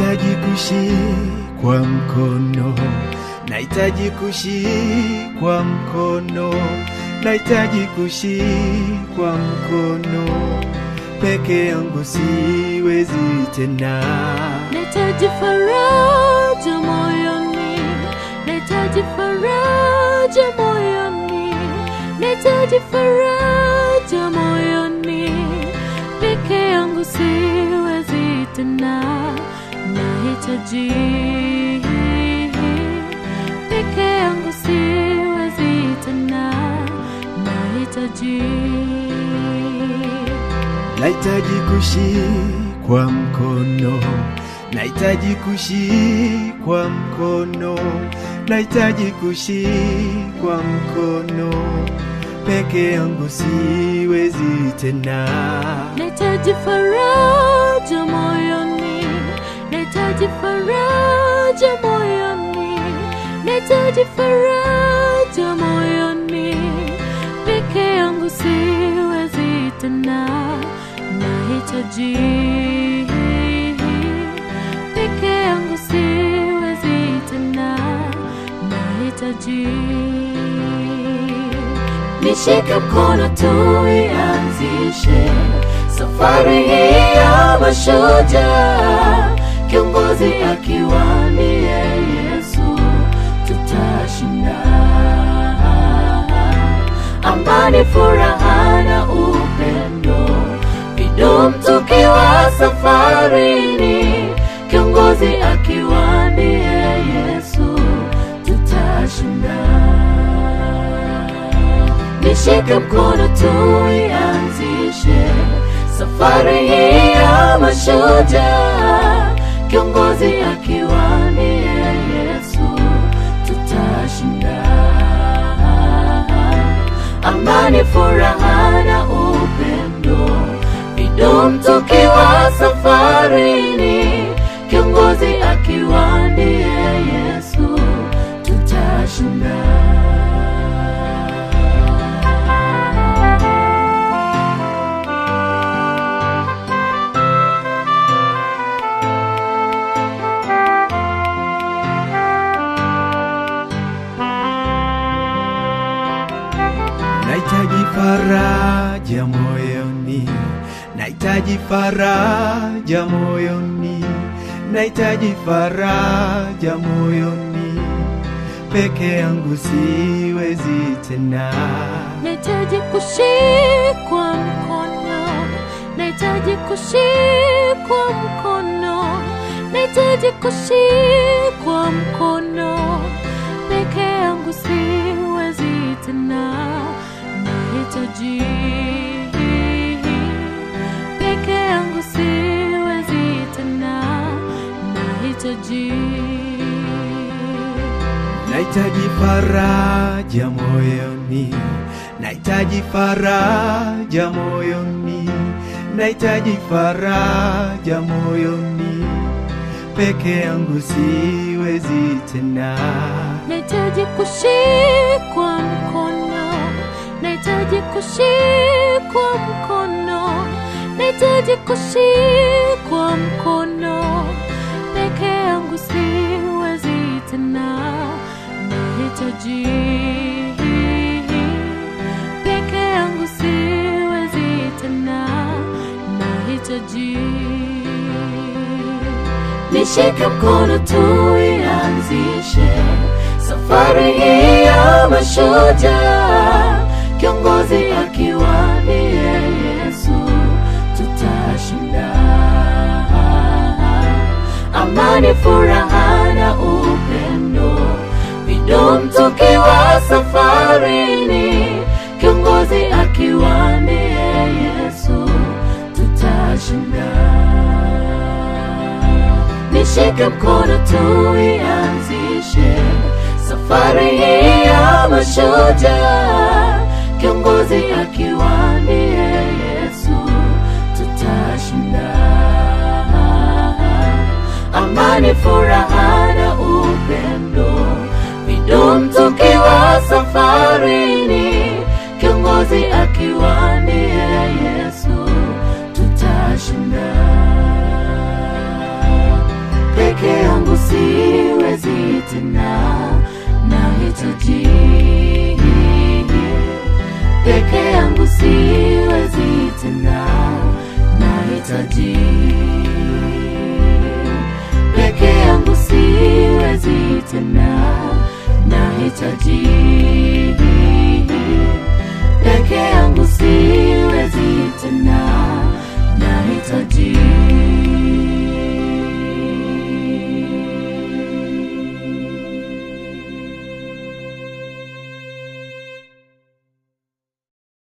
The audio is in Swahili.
Nahitaji kushi kwa mkono, nahitaji kushi kwa mkono, nahitaji kushi kwa mkono, peke yangu siwezi tena. Nahitaji faraja moyoni, nahitaji faraja moyoni, nahitaji faraja moyoni, peke yangu siwezi tena nahitaji peke yangu siwezi tena, nahitaji nahitaji kushikwa mkono, nahitaji kushikwa mkono, nahitaji kushikwa mkono peke yangu siwezi tena, nahitaji faraja moyoni nahitaji faraja moyoni, nahitaji faraja moyoni, peke yangu siwezi tena, nahitaji peke yangu siwezi tena, nahitaji nishike mkono tu ianzishe safari hii ya mashujaa kiongozi akiwa ni Yesu, tutashinda. Amani, furaha na upendo vidumu tukiwa safarini, kiongozi akiwa ni Yesu, tutashinda. Nishike mkono tuianzishe safari hii ya mashujaa kiongozi akiwa ni Yesu, tutashinda. Amani, furaha na upendo vidumu tukiwa Nahitaji faraja moyoni, nahitaji faraja moyoni, nahitaji faraja moyoni, peke yangu siwezi tena. Nahitaji kushikwa mkono, nahitaji kushikwa mkono, nahitaji kushikwa mkono, peke yangu siwezi tena kurudi peke nahitaji nahitaji faraja moyoni, nahitaji faraja moyoni, nahitaji faraja moyoni, peke yangu siwezi tena, nahitaji kushikwa mkono nahitaji kushikwa mkono, nahitaji kushikwa mkono, peke yangu siwezi tena, nahitaji peke yangu siwezi tena, nahitaji nishike mkono tu ianzishe safari hii ya masho baharini, kiongozi akiwa ni Yesu, tutashinda. Nishike mkono tuianzishe safari ya mashujaa, kiongozi akiwa tena nahitaji peke yangu siwezi tena